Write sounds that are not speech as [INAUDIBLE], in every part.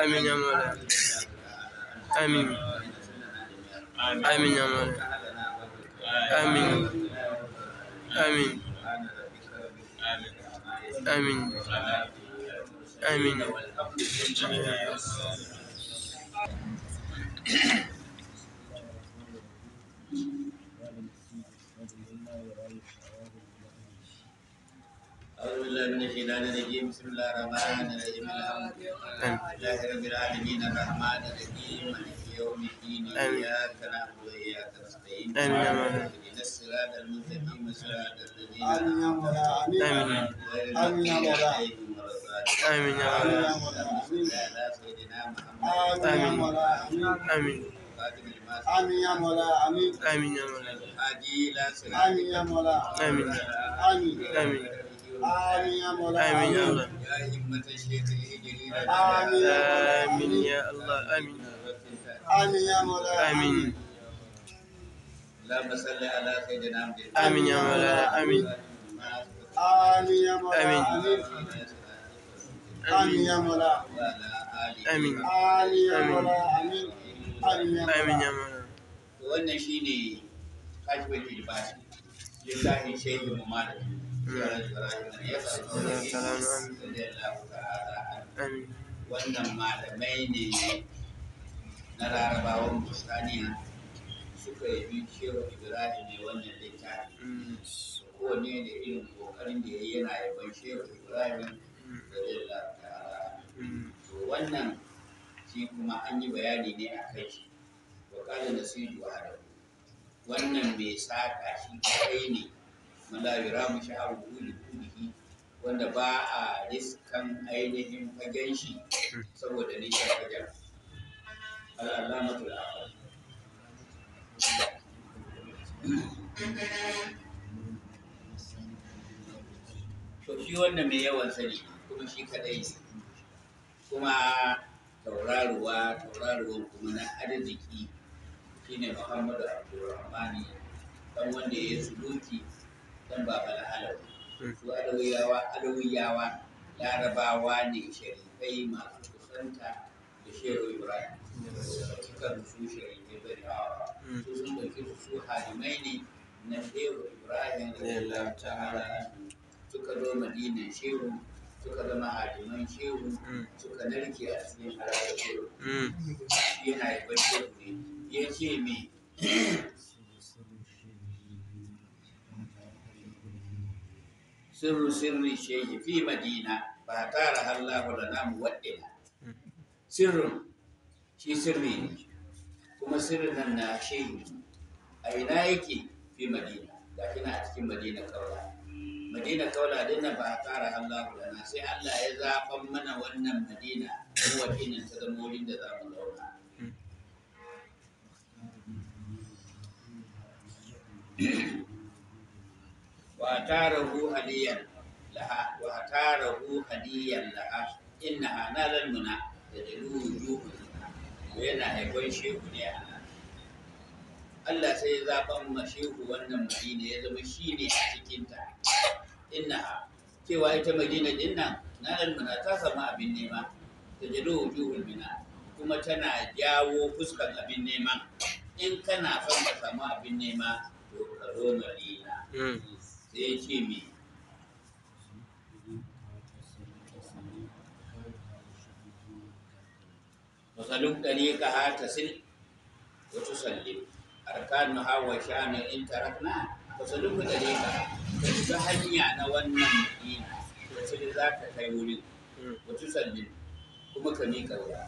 Amém, amor. Amém. Amém, amor. Amém. Amém. Amém. Amém. Amém. أعوذ بالله من الشيطان الرجيم بسم الله الرحمن الرحيم الحمد لله رب العالمين الرحمن الرحيم مالك يوم الدين إياك نعبد وإياك نستعين اهدنا الصراط المستقيم صراط الذين أنعمت عليهم غير المغضوب عليهم ولا آمين يا رب آمين آمين آمين يا مولا آمين آمين يا مولا آمين يا مولا آمين آمين آمين آمين يا الله آمين يا الله آمين آمين يا الله آمين اللهم صل على سيدنا محمد آمين يا مولانا آمين آمين يا مولانا آمين آمين يا مولانا آمين آمين يا مولانا آمين آمين يا مولانا wannan shine kashfin ilbasi lillahi shehu malami wannan malamai ne na larabawan burtaniya suka yi cewa ibrahim ne wannan littafi kowane da irin kokarin da ya yi yana yaban shehu ibrahim da zai wannan shi kuma an yi bayani ne a kai shi wa da su yi wannan mai saƙa shi kai ne mala yura mu sha'aru wanda ba a riskan ainihin fagen shi saboda nishin fagen al'alamatul akhir to shi wanda mai yawan sani kuma shi kadai kuma tauraruwa tauraruwan kuma na arziki shine muhammadu abdulrahmani dan wanda ya yi suluki dan baba na halawi su alawiyawa alawiyawa larabawa ne sharifai masu kusanta da shehu ibrahim cikin su sharifai su sun dauki su halimai ne na shehu ibrahim radiyallahu ta'ala suka zo madinan shehu suka zama hadiman shehu mm. suka narke a cikin harar shehu mm. yana yi bacci ne ya ce me sirru sirri shehi fi madina ba tara hallahu da namu waɗina sirrin shi sirri kuma sirrin nan na shehi a ina yake fi madina ga kina a cikin madina kaula madina kaula na ba tara hallahu da na sai allah ya zaɓan mana wannan madina kuma kinin ta zama wurin da za mu wa atarahu hadiyan laha wa atarahu hadiyan laha innaha nalal muna da dalu yuhu to yana haifan shehu ne a nan Allah sai ya zaɓan ma shehu wannan madina ya zama shi ne a cikinta Inna ha, cewa ita madina din nan nalal muna ta samu abin nema ta dalu yuhu mina kuma tana jawo fuskar abin nema in kana son ka samu abin nema to ka zo madina hmm. sai ya ce me masalin ɗari ka ha ta sil wata sallim arkanu ha wa sha'anin na. tarakna masalin ku ɗari ka ta shiga hanya na wannan madina ta sil za ka kai wuri wata sallim kuma ka miƙa wuya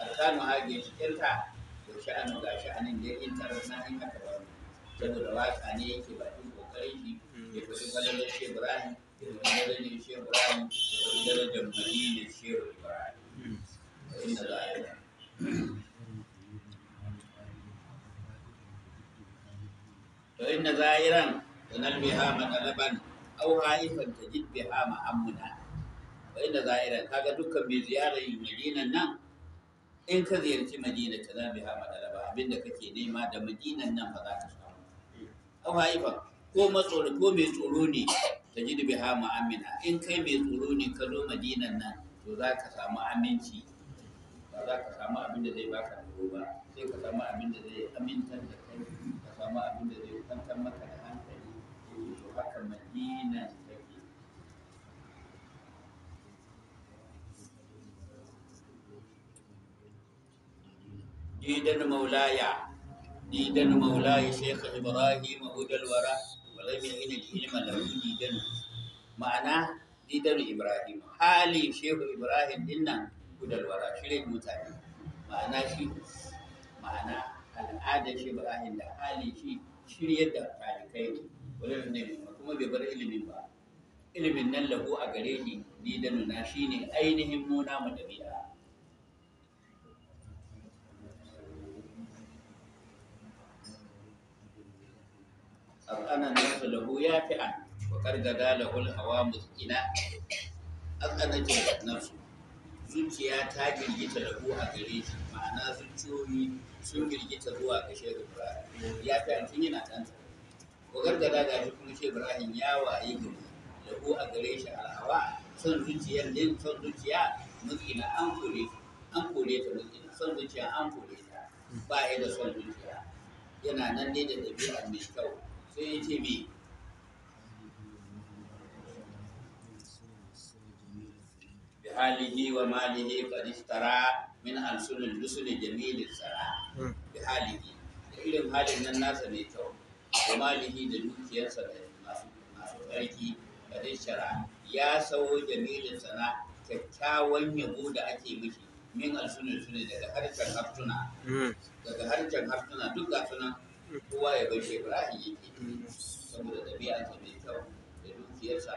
arkanu ha ginshikinta da sha'anu ga sha'anin da na tarakna in aka bari saboda waka ne yake bakin ƙoƙarin shi wajen ganin shi Ibrahim wajen ganin shi Ibrahim wajen ganin da Madina shi Ibrahim inda za a yi فإن زائرا تنل بها مطلبا أو خائفا تجد بها مأمنا فإن زائرا كاغا دكا بزيارة مدينة نام إن كزيرتي مدينة تنل بها مطلبا أبين دكا كي نيما دا مدينة نام فذاك أو خائفا ko matsoro ko mai tsoro ne ta ji dubi ha mu'amina in kai mai tsoro ne ka zo madinan nan to za ka samu aminci ba za ka samu abin da zai baka tsoro ba sai ka samu abin da zai amintar da kai ka samu abin da zai kwantar maka da hankali to haka madinan didan maulaya didan maulaya shekha ibrahim hudal ramin inil ilma lahu didalu ma'ana didalu ibrahim hali shehu ibrahim din dinnan gudalwara shirin mutane ma'ana shi ma'ana al'adar shi ibrahim da hali shi shiryar da talikai ne wani ne kuma bai bar ilimin ba ilimin nan lahu a gare shi didalu na shine ainihin mu namu dabi'a kana nasu lahu ya fi an wa kargada lahul hawa muskina na nafsu zuciya ta girgita lahu a gare shi ma'ana zuciyoyi sun girgita zuwa ga shehu ibrahim ya fi an tun yana tanta wa gargada ga shi kuma shehu ibrahim ya waye gari lahu a gare shi hawa son zuciyar ne son zuciya muskina an kore an kore ta muskina son zuciya an kore ta ba ya da son zuciya yana nan ne da ɗabi'a mai kyau sai ya ce me bi halihi wa malihi qad ishtara min alsunul rusuli jamil sara hmm. bi halihi irin halin nan nasa mai kyau wa malihi da dukiyarsa da masu masu tsarki qad ishtara ya sawo jamilin sana kyakkyawan yabo da ake mishi min alsunul rusuli daga harshen haftuna hmm. daga harshen haftuna duk ga sunan kowa ya bar shekara yake saboda ɗabi'a ta mai kyau da dukiyarsa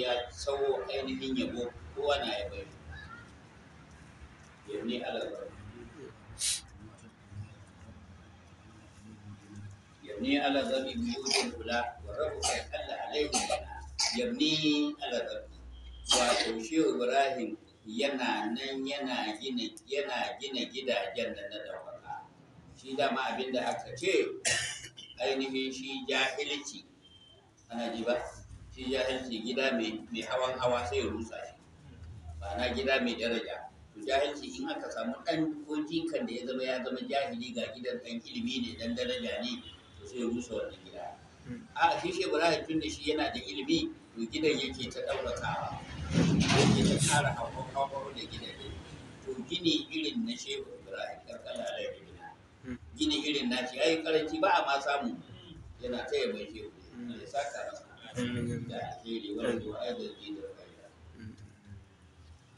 ya tsawo ainihin yabo kowa na ya bai yau ne alaƙar yabni ala zabi mujin kula wa rabu kai kalla alaihi yabni ala zabi Wa shi ibrahim yana nan yana gina yana gina gidajen da na dawa shi dama abin da aka ce ainihin shi jahilci ana ji ba shi jahilci gida mai hawan hawa sai rusa shi ba na gida mai daraja to jahilci in aka samu ɗan ko jikan da ya zama ya zama jahili ga gidan ɗan ilimi ne ɗan daraja ne to sai rusa wannan gida a shi shi ibrahim tun da shi yana da ilimi to gidan yake ta ɗaukakawa yake ta ƙara hawan hawa da gidan to gini irin na shehu ibrahim karkala da gini irin nashi ya yi karanci ba a ma samu yana ta yi mai shehu ya saka masa da alheri wanda ko adadi da kaila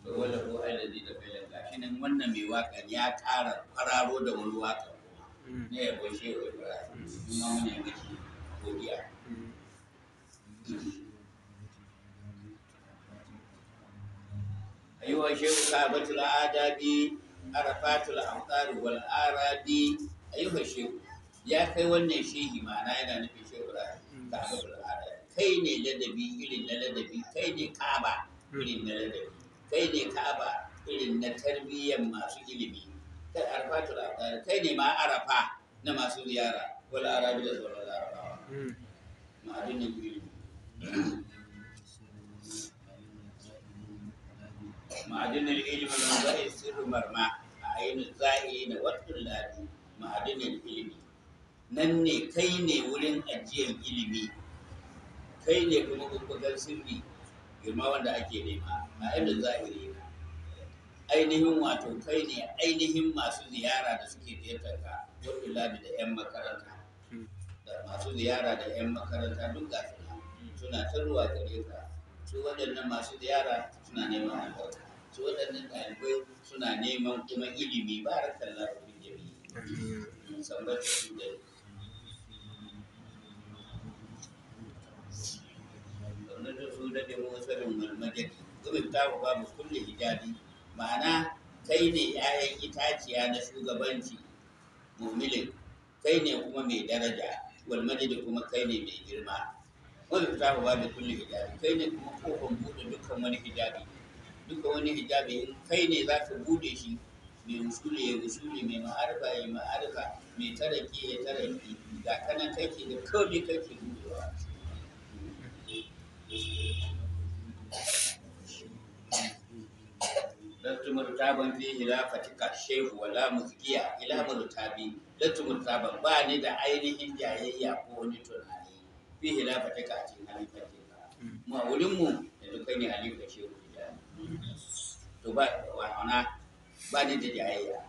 da wani ko adadi da kaila gashi nan wannan mai waka ya ƙara kwararo da wani waka na yabo shehu ibrahim kuma muna mashi godiya أيها الشيخ كعبة adabi arafatul amtari wal aradi ayyuka shehu ya kai wannan shehi ma'ana yana nufin shehu da kai ne ladabi irin na ladabi kai ne ka'aba irin na ladabi kai ne ka'aba irin na tarbiyyar masu ilimi kai arafatul amtari kai ne ma arafa na masu ziyara wal arabi da sauran larabawa hmm. ma'adinin ilimi ma'adinin ilimin da ya sirri marma ainihin za'ina wattulladi ma'adinin ilimi nan ne kai ne wurin ajiyar ilimi kai ne kuma guggugar sirri girma wanda ake nema ma'adin zahiri na ainihin wato kai ne ainihin masu ziyara da suke ziyartar ka wattulladi da 'yan makaranta da masu ziyara da 'yan makaranta duk gasu suna tarwa gare ka su waɗannan masu ziyara suna neman albarka su waɗannan ɗalibai suna neman kuma ilimi ba da sallar rufin jami'i musamman su da gwamnatin su da demosarin marmajaki gudun tawa ba mu kulle hijabi ma'ana kai ne 'ya'yan itaciya na shugabanci mumilin kai ne kuma mai daraja walmadi da kuma kai ne mai girma wani tawa ba mu kulle hijabi kai ne kuma kofin buɗe dukkan wani hijabi duka wani hijabi kai ne za ka bude shi mai musuli ya musuli mai ma'arfa ya ma'arfa mai taraki ya taraki ga kanan kake da kome kake budewa lattu murtaban fi hilafatika shehu wala muzgiya ila murtabi lattu murtaban ba ni da ainihin jayayya ko wani tunani fi hilafatika a cikin halifatika mu a wurinmu da dukkan ne halifa shehu to ba wana ba ni da jayayya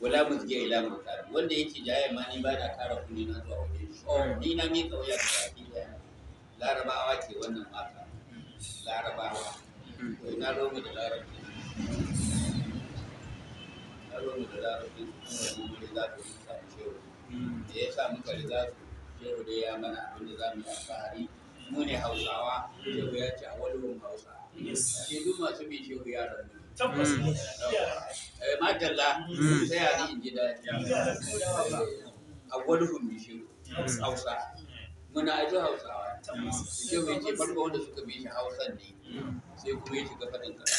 wala mu je ila mu kar wanda yake jayayya ma ni ba na kara kuni na zuwa wajen shi oh ni na mi kauya da baki da larabawa ke wannan mata larabawa to ina romu da larabci na romu da larabci kuma mu da larabci ta shehu da ya samu kare za su shehu da ya mana abin da za mu yi alfahari mu ne hausawa shehu ya ce a wani hausawa ke duk masu bin shehu ya rabu sai a ni in a wani hun shehu hmm. hausa muna aji hausawa shehu ya ce farko wanda suka bi shi hausa ne hmm. sai kuma ya shiga faɗin kasa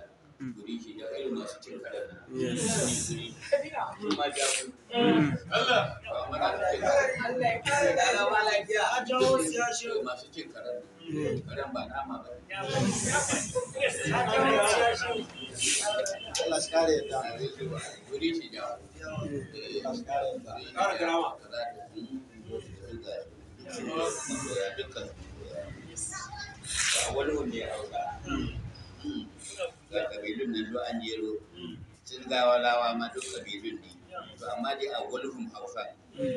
Mm. guri shi da irin masu cin karar mm. karan wani wanda ya ga kabilun nan duk an jero sun gawa lawa ma duk kabilun ne to amma dai a gulhun hausa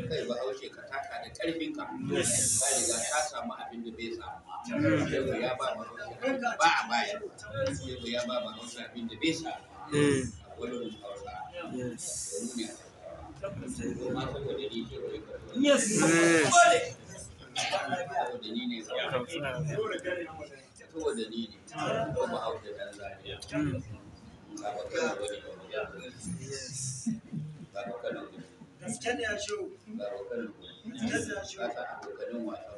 kai ba haushe ka taka da karfin ka ba riga ka samu abin da bai samu ba ya ba ba a baya ya ba ba hausa abin da bai samu mm. a gulhun hausa Yes. yes. kowa dalili ko ba hauta da lafiya ba ba kana wani ba ba kana wani gaske ne ya shi ba ba kana wani ba ka abokanin wasa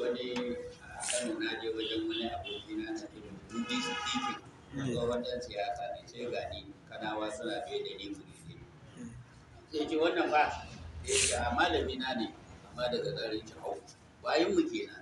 wani a kano na je wajen wani abokina na cikin dubi su titin ko hmm. wannan siyasa ne sai gani kanawa suna bai da ni mu ne sai wannan ba eh ga malami na ne amma daga garin ki hau bayan mu kenan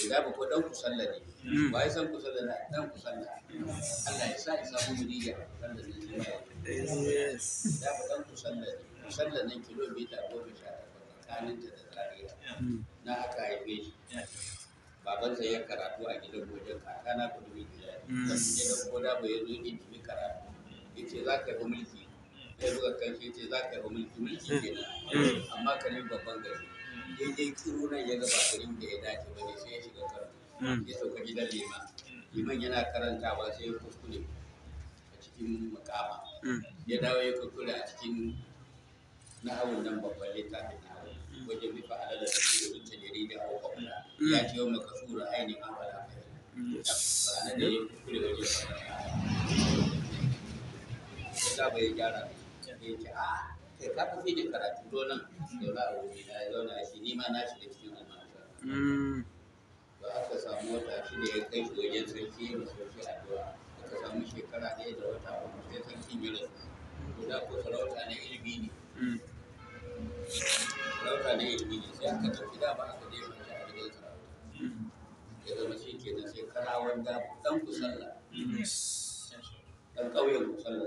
riga ba ko dan sallah ne ba hmm. ya san ku sallah na dan sallah Allah ya sa ya samu muriya sallah ne ba dan sallah ne sallah ne kilomita 18 tsakanin ta da Zaria hmm. na aka haife shi babansa ya karatu a gidan wajen kakana ku dubi gida gidan hmm. koda ba ya zo ilimi karatu yace za ka yi mulki sai buga kan shi yace za ka yi mulki mulki kenan amma ka ne babban gari daidai na ya zaba garin da ya dace ba ne sai ya shiga karatu hmm. ya sauka gidan liman liman yana karantawa sai ya kuskure a cikin makama hmm. ya dawo ya kuskure a cikin na nahawun nan babban littafin nahawun hmm. wajen bi fa'ala da su da wuce jarida ko kwamna ya ce yau maka sura ainihin fara fahimta da ya kuskure wajen fara ya gyara ya ce a ah, ce ka fi da karatu dolan da ba a wuri na ya zauna shi ni ma na shi da cikin almanza hmm. ba aka samu wata shi da ya kai shi wajen sarki ya rasu shi addu'a aka samu shekara ɗaya da wata uku sai sarki ya rasu guda ko sarauta na ilimi ne hmm. sarauta na ilimi ne sai aka tafi da ba aka je mace a gidan sarauta hmm. ya zama shi ke nan sai karawar da ɗan kusalla ɗan ƙauyen kusalla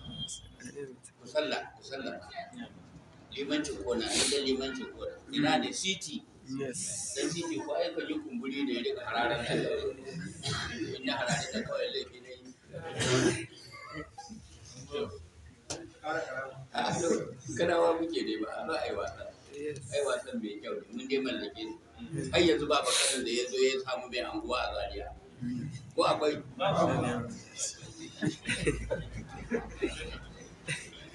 sallah ku sallah limancin kona ne da limancin kona ina ne city dan city ko ai ka ji kumburi da ya daga hararar da ina hararar ta kawai laifi ne kanawa muke dai ba ba ai wasa ai wasan mai kyau ne mun dai mallake su har yanzu ba bakarin da ya zo ya samu mai anguwa a zaria ko akwai [LAUGHS]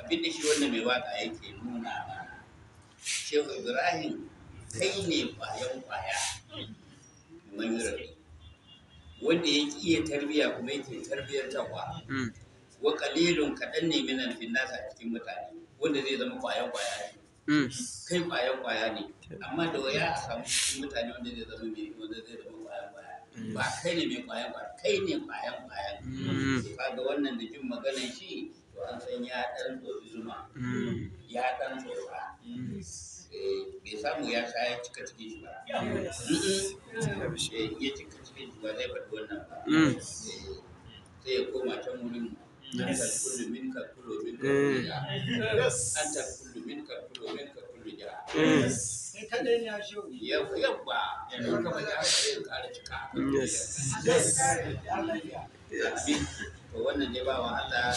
abinda shi wanda mai waka yake nuna ba shehu ibrahim kai ne kwayan kwaya manyan wanda ya iya tarbiya kuma yake tarbiyar tawa hmm. wa kalilun kaɗan ne minan finnasa a cikin mutane wanda zai zama kwayan kwaya hmm. ne kai kwayan kwaya ne amma da waya a samu cikin mutane wanda zai zama mai wanda zai zama kwayan kwaya hmm. ba kai ne mai kwayan kwaya kai ne kwayan kwaya ga wannan da jin maganar shi to san ya ɗan tsotsi zuma mm. ya ɗan tsotsa eh, bai samu ya sha ya cika cikin shi ba ya eh, cika cikin shi ba zai faɗi wannan ba mm. eh, sai ya koma can wurin an ta mm. kullu min ka kullu min ka kullu ja an ta kullu min ka kullu min ka kullu ja yabba yanzu kama ya sai kara cika wannan ne ba wa Allah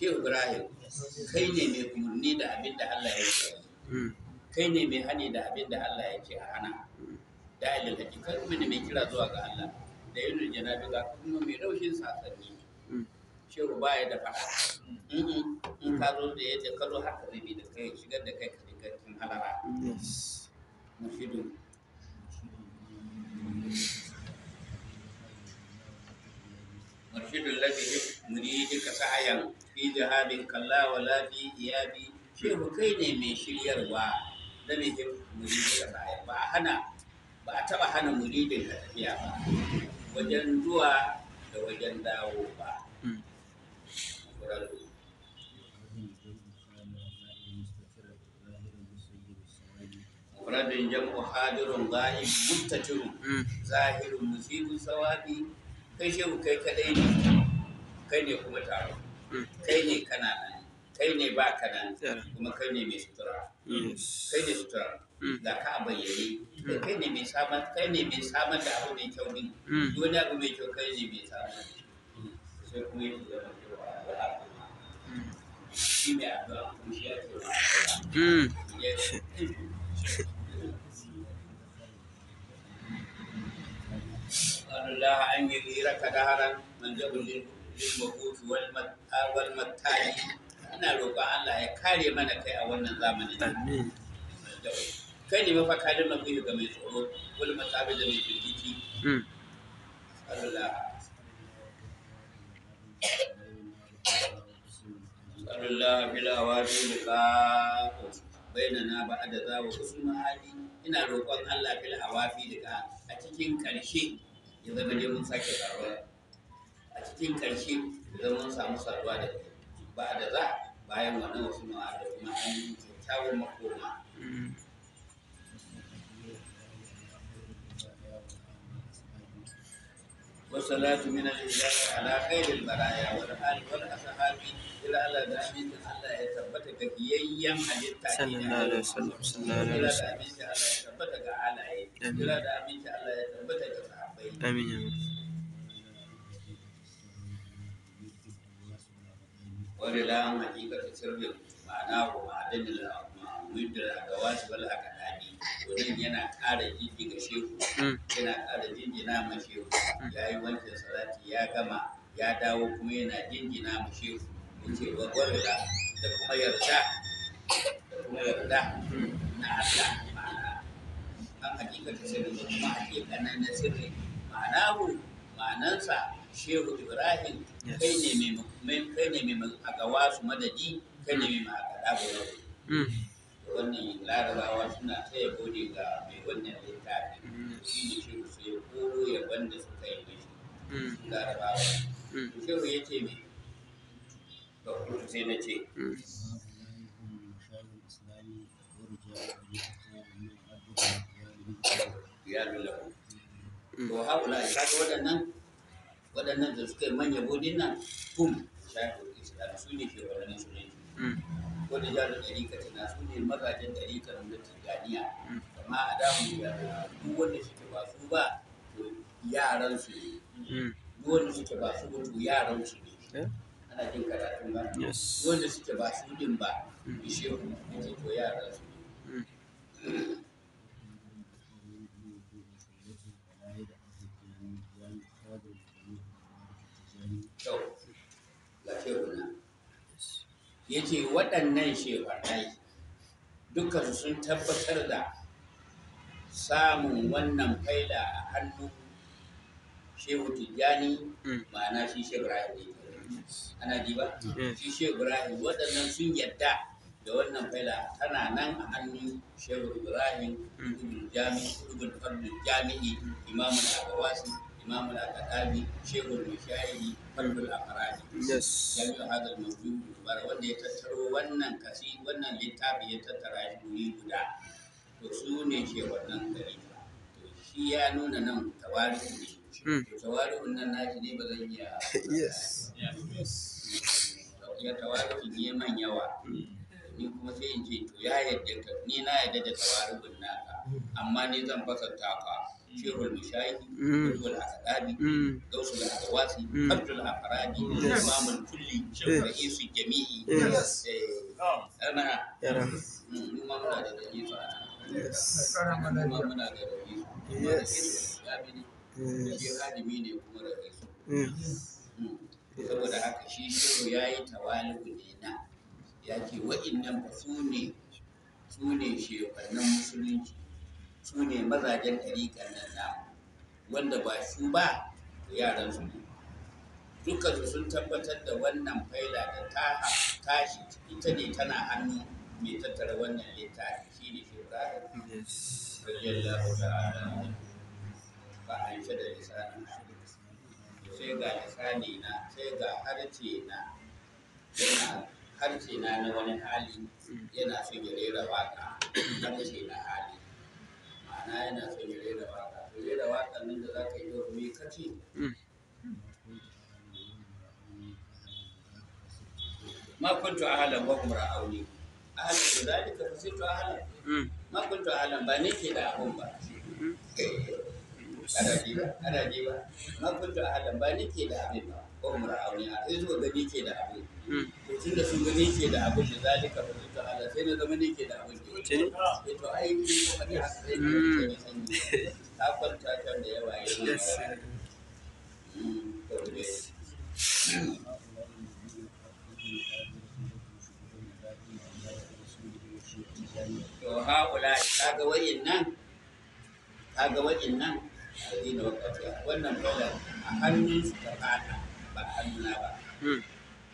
ke ibrahim kai ne mai kumanni da abin da allah ya ce kai ne mai hani da abin da allah ya ce a hana da ilil haƙi kai kuma ne mai kira zuwa ga allah da yin bi ga kuma mai raushin sasanni shehu ba ya da faɗa in ka zo da yadda ka zo haka rabi da kai shigar da kai ka dinga cikin halara mushidu مرشد الذي يريدك sa'ayan fi jihadin kalla ya bi iyabi mu kai ne mai shiryarwa na mai hin da baya ba a hana ba a taba hana muni da tafiya ba wajen zuwa da wajen dawo ba muradin jam'u hadirun ga'ib muttatiru hmm. zahirun musibu sawabi kai shehu kai kadai ne kai ne kuma taro kai ne kana kai ne ba ka nan kuma kai ne mai sutura kai ne sutura da mm. ka bayyane kai mm. ne mai samar kai ne mai samar da abu mai kyau ne mm. dole abu mai kyau kai ne mai samar sai kuma yi zama cewa shi ne abu a kuma shi ya bilmahutu wal mattali ina roƙon Allah ya kare mana kai a wannan zamanin kai ne mafaka da mafi ga mai tsoro wal mattabi da mai firgiti hmm. Allah Allah bila za wa hali ina roƙon Allah fil a cikin ƙarshe ya zama dai mun sake karuwa a cikin ƙarshe idan mun samu saduwa da ba da za bayan wannan wasu ma'a da kuma an kyakkyawan makoma والصلاة من الإله على خير البرايا والآل والأصحاب إلى على كييا حديث صلى الله عليه وسلم صلى الله عليه وسلم إلى إلى wani la'an hakikar ta sirrin ma'ana wa ma'adin da wasu agawasu wal akadami wajen yana ƙara jijjiga shehu hmm. yana ƙara jinjina ma shehu hmm. ya yi wancan salati ya gama ya dawo kuma yana jinjina ma shehu yace wa gwarila da kuma yarda da kuma yarda na Allah ma'ana an hakikar sirrin kuma hakikanin na sirri ma'ana ma'anansa shehu ibrahim kai ne mai a gawa su madadi kai ne mai a kada mm. wannan larabawa suna ta ya gode ga mai wannan littafi mm. shi ne shi su ya koro ya wanda suka yi mashi mm. larabawa shehu ya ce mai ga kuma sai na ce ya lula ko haula ya kaga waɗannan waɗannan da suka yi manya bodin nan kum shayar islam su ne ke shekarun su ne mm. wadda jihar ɗarika tana su ne magajin ɗarikar na tijjaniya mm. amma a damu ya duk wanda suke ba su ba to yaran su ne mm. duk wanda suke ba su to yaran su ne ana jin karatun ba duk wanda suke ba su din ba bishe ku ne to yaran su ne [COUGHS] shehuna yake waɗannan shehunai dukkan sun tabbatar da samun wannan faila a hannun shehu tijjani hmm. ma'ana shi shehu rahim ne ana ji ba hmm. shi shehu rahim waɗannan sun yadda da wannan faila tana nan a hannun shehu ibrahim hmm. ibn jami'i ibn fardul jami'i إمام الأكاديمي شيخ المشايخ قلب الأقران جميع هذا الموضوع مبارك wanda ya tattaro wannan kasi ya tattara shi guri guda su ne ke wannan gari shi ya nuna nan tawari'u ne hmm. tawari'un nan ne ba zan iya yes ya tawari'un ne man yawa ni kuma sai in ce to ya yadda ni na yadda da tawari'un naka amma ni zan fasa taka شير المشايخ بدو الأحباب غوث الأحواس قبض الأفراد إمام الكل رئيس الجميع أنا da ne kuma da saboda haka shi shiru ya yi tawali'u ne na ya ba su ne musulunci su ne mazajen ɗariƙar lalla na wanda ba su ba yaransu ne su sun tabbatar da wannan faila da ta tashi ita ne tana hannu mai tattara wannan littafi shi ne shi ba a yi da lisanin sai ga lisani na sai ga harce na yana harce na na wani hali yana son ya rera waka harce na hali ma'ana yana son ya rera waka to rera nan da za ka yi yau me kace ma kuntu ahalan wa kuma ra'auni ahalan da to ahalan mm. ma kuntu ahalan ba ne ke da abun ba ana ji ba ba ma kuntu ahalan ba ne ke da abin ba ko kuma ra'auni a sai zuwa gani ke da abin mm. to tunda sun gani ke da abin da zalika fa ta'ala sai na zama ne da abin ke eh, to ai ni ne ta mm. kwanta da yawa ya to haula kaga nan nan wannan a hannun su ta ba hannuna ba hmm.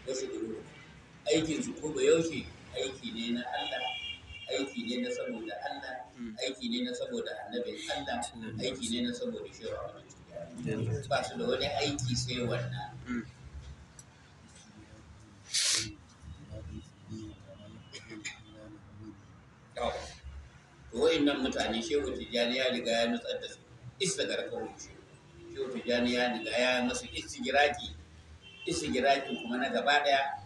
wasu duru aikin su ko ba aiki ne na Allah aiki ne na saboda Allah hmm. aiki ne na saboda annabi Allah hmm. aiki ne na saboda shewa hmm. ba su da wani aiki sai wannan to wa'in nan mutane shehu tijjani ya riga ya nutsar da su isa garkar shehu tijjani ya riga ya nasu isa giraki isa giraki kuma na gaba daya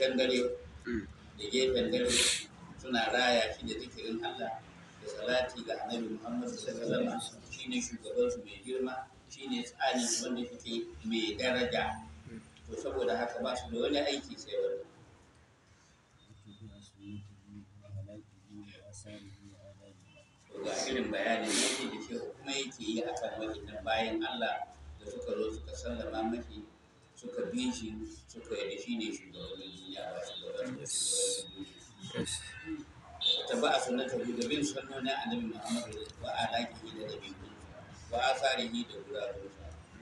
ƙarshen dare mm. da gefen dare suna raya shi da zikirin Allah da salati ga annabi Muhammadu sallallahu alaihi wasallam shine shugaban su mai girma shine tsani wanda yake mai daraja to saboda haka ba su da wani aiki sai wannan ga irin bayanin ne yake da ke kuma yake yi akan wajen bayan Allah da suka zo suka sallama mafi suka bi shi suka yi da shi ne shugabannin duniya ba shugabannin duniya ta ba a sunan ta da bin sunnonin annabi muhammadu wa alaƙihi da dabi'un wa asarihi da gurarun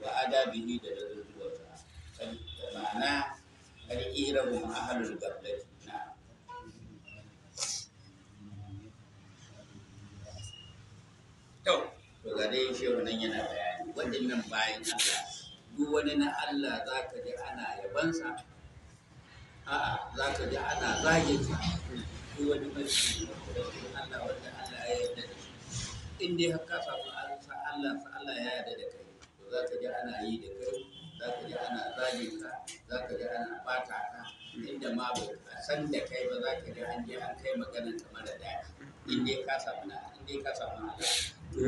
wa adabihi da dazuzuwarsa da ma'ana har irabu ahalul gablati na to to ga dai shehu nan yana bayani nan bayan Allah duk wani na Allah za ka ji ana yabansa a'a za ka ji ana zaginsa duk wani mafi Allah wanda Allah ya yarda da shi in dai haka samu alsa Allah sa Allah ya yarda da kai to za ka ji ana yi da kai za ka ji ana zaginka za ka ji ana bata ka inda ma ba san da kai ba za ka ji an je an kai maganar kamar da daɗi in dai ka samu na in dai ka samu Allah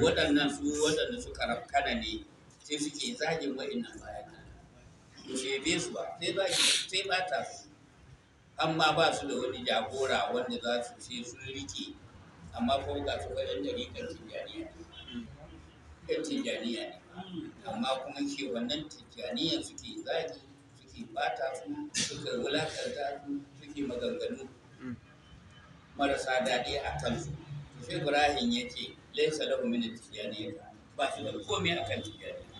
waɗannan su waɗanda suka rafkana ne sai suke zagin wa'annan bayan ba su yabe su ba sai ba ta su amma ba su da wani jagora wanda za su sai sun rike amma ko ga su wajen dariƙar tijjaniya ne kan tijjaniya ne amma kuma ke wannan tijaniya suke zagi suke bata su suke wulakanta su suke maganganu marasa daɗi a kan su sai ibrahim ya ce laisa lahu min tijjaniya ba su da komai akan tijjaniya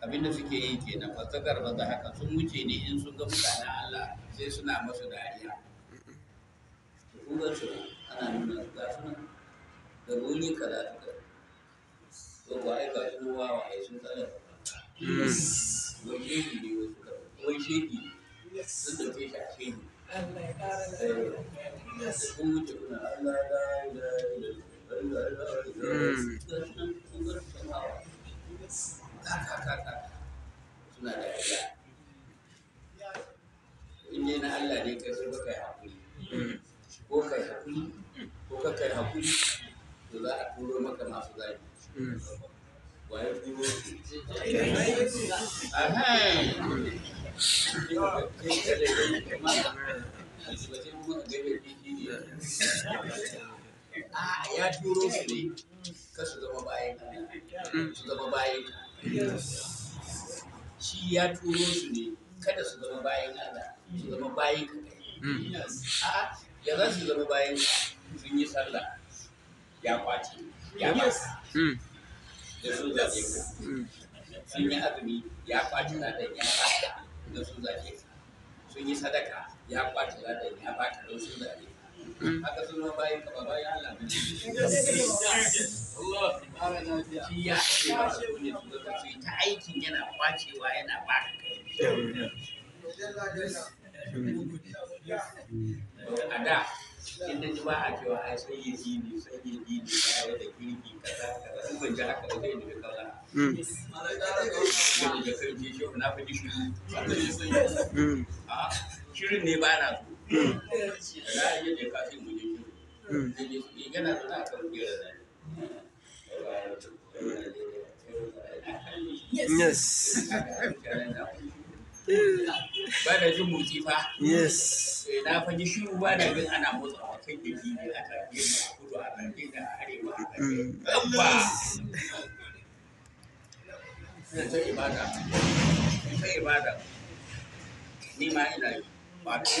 da suke yi kenan ba ta ba da haka sun wuce ne in sun ga mutanen Allah sai suna masu dariya Kuma su ana nuna su ga su da wuri karatu da to ba ai ba su wawa ai sun tsara wai shegi ne wasu wai shegi sun da ke shi a eh. sun wuce kuna Allah ya Allah ya da ya hmm. da suna da riya in dai na Allah ne kai hakuri ko kai hakuri ko ka kai hakuri to za a turo maka masu zafi waye turo su ya turo su ne zama bayan su zama bayan shi ya turo su ne kada su zama bayan Allah su zama bayan ka hmm. ya za su zama bayan sun yi sallah ya kwace ya ba hmm. da sun hmm. sun yi azumi ya kwace ladan ya ba da sun sun yi sadaka ya kwace ladan ya ba da Allah ya ba ta yana kwacewa yana ka da inda ji ba a cewa ai sai ya ji ne sai ya ji ne ya yi da kaza kaza ban ji haka zai ji kaza da kai shi na fi shirin ne ba na so yes ba da jin motsi fa yes na fa ji shi ba da bin ana motsa a kan jiki ne a tarbe da kudu a tarbe da arewa a tarbe ba ta ibada ta ibada ni ma ina yi ba ta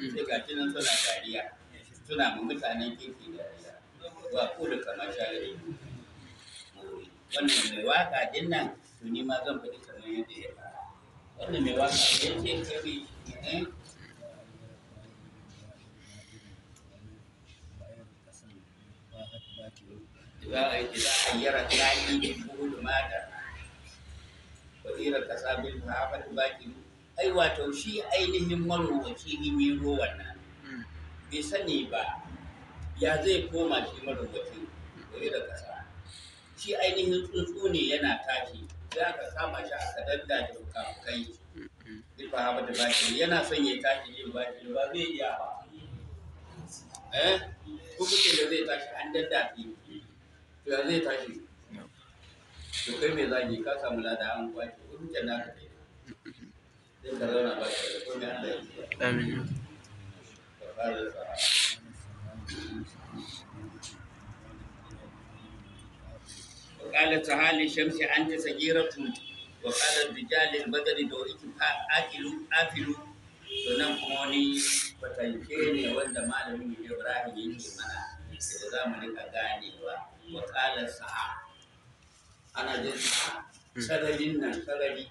Mm. sai ga kinan suna dariya suna ma mutanen kirki dariya ba ko da kamar shayari wannan mai waka din nan to ni ma zan faɗi kamar yadda ya fara wannan mai waka din ce kawai eh? za a yi za a yara tsari da kudu mata wa tsirar kasa bin ta haɓar baki ai wato shi ainihin marowaci in yi rowan nan bai sani ba ya zai koma shi marowaci gobe da kasa shi ainihin tsuntsu ne yana tashi za ka sama shi a kadanda da kai duk ba haɓa da baki yana son ya tashi yin baki ba zai iya ba eh kubuce da zai tashi an daddafi to ya zai tashi to kai mai zagi ka samu lada an kwace kubuce na ka Amin. وقال تعالى الشمس أنت صغيرة وقال الرجال البدر دوريك آكل آكل sannan kuma wani kwatanke ne wanda malamin Ibrahim yake mana da za mu rika ganewa wa kala ana jin sararin nan sarari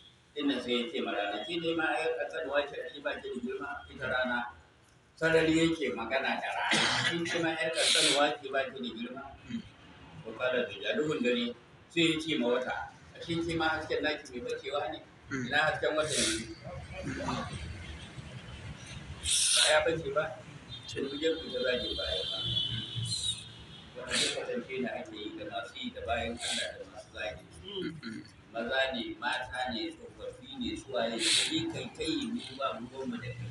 inda sai ya ce ma rana ki ne ma ya katsarwa wace ki ba ke da girma ita rana sarari yake magana da rana ki ce ma ya katsarwa wace ba ke da girma ko kala da jaluhun dare sai ya ce ma wata a shi ki ma hasken naki mai bacewa ne ina hasken wata ne ba ya bace ba cin wujen ku ta zage ba ya ba wani kwatance na ake yi da masu yi da bayan Allah da masu zage maza ne mata ne tsofaffi ne suwa ne shi kai kai mu ba mu goma da kai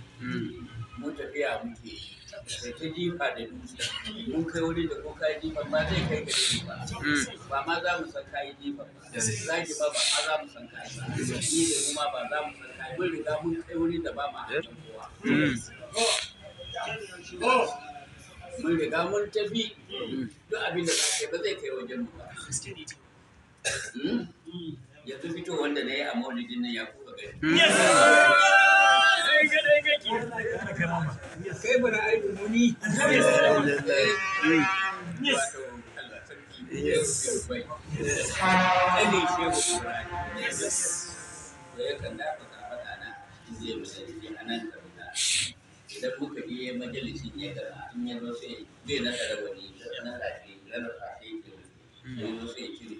mu tafiya muke yi da ta jifa da dutse mun kai wuri da ko kai jifa ba zai kai ga jifa ba ma za mu san kai jifa ba za ki ba ba za mu san kai ba ni da kuma ba za mu san kai mun riga mun kai wurin da ba ma hatan mun riga mun tafi duk abin da za ka yi ba zai kai wajen mu ba hmm? yanzu fito wanda na yi a maulidin nan ya kuka gani hmm. kai bana aiki muni Yes. idan muka je majalisi ne ga in zo sai ranar sai ya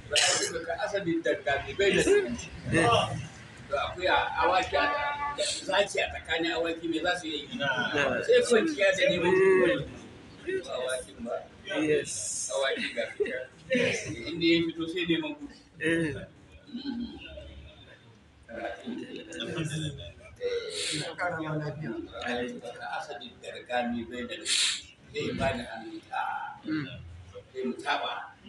daga zaki a tsakanin awaki mai za ya fito da zai ba da ta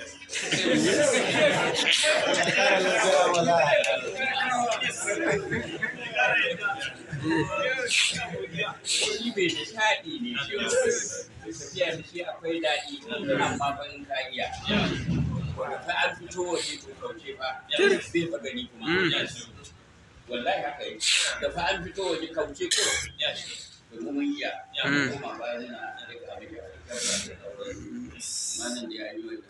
Kuli mai nishaɗi ne shi tafiya da shi akwai daɗi amma ba in ka iya. Wanda ta an fito waje to kauce ba, bai fa gani kuma. Wallahi haka yi, da fa an fito waje kauce ko domin mun iya, ya bayan na daga abin da ya yi. Manan da ya yi da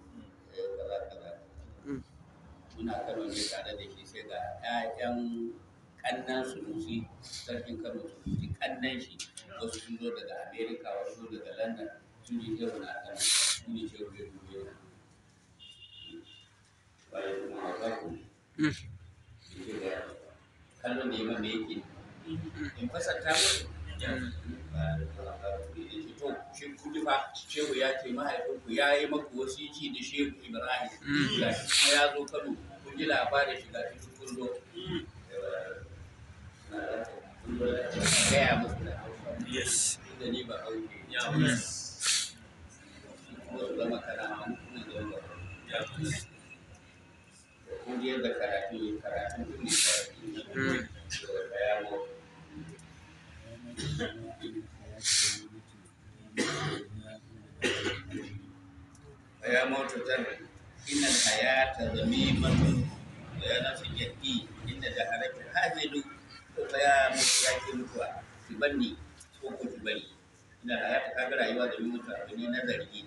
muna kano ne tare da shi sai ga 'ya'yan kannan sunusi sarkin kano sunusi kannan shi wasu sun zo daga amerika wasu daga london sun yi shehu na kano sun yi shehu ya dube na waye kuma a zaku yake da kallon da yamma mai yake in fasar ta shi kudi fa shehu ya ce mahaifinku ya yi maku wasiki da shehu ibrahim mm. ya zo kano ji labarin shiga cikin kullo gaya musu da yes da ni ba aure ya wani wasu zama karama mutum da yawa ya kun yadda karatu ne karatu ne hmm. karatu ne da yawo ya mota jami'a إن الحياة ذميمة ونفس جدي إن دهرك هازل ويا مسياك مكوى تبني سوق تبني إن الحياة كاغر أيوة ذميمة تبني نظري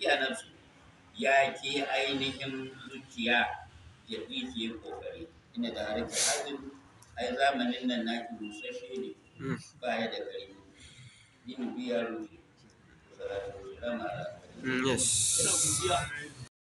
يا نفس يا كي أينهم زكيا جدي في الكوكري إن دهرك هازل أي زمن إن ناكي مسياك بايا دكري إن بيا روحي Yes.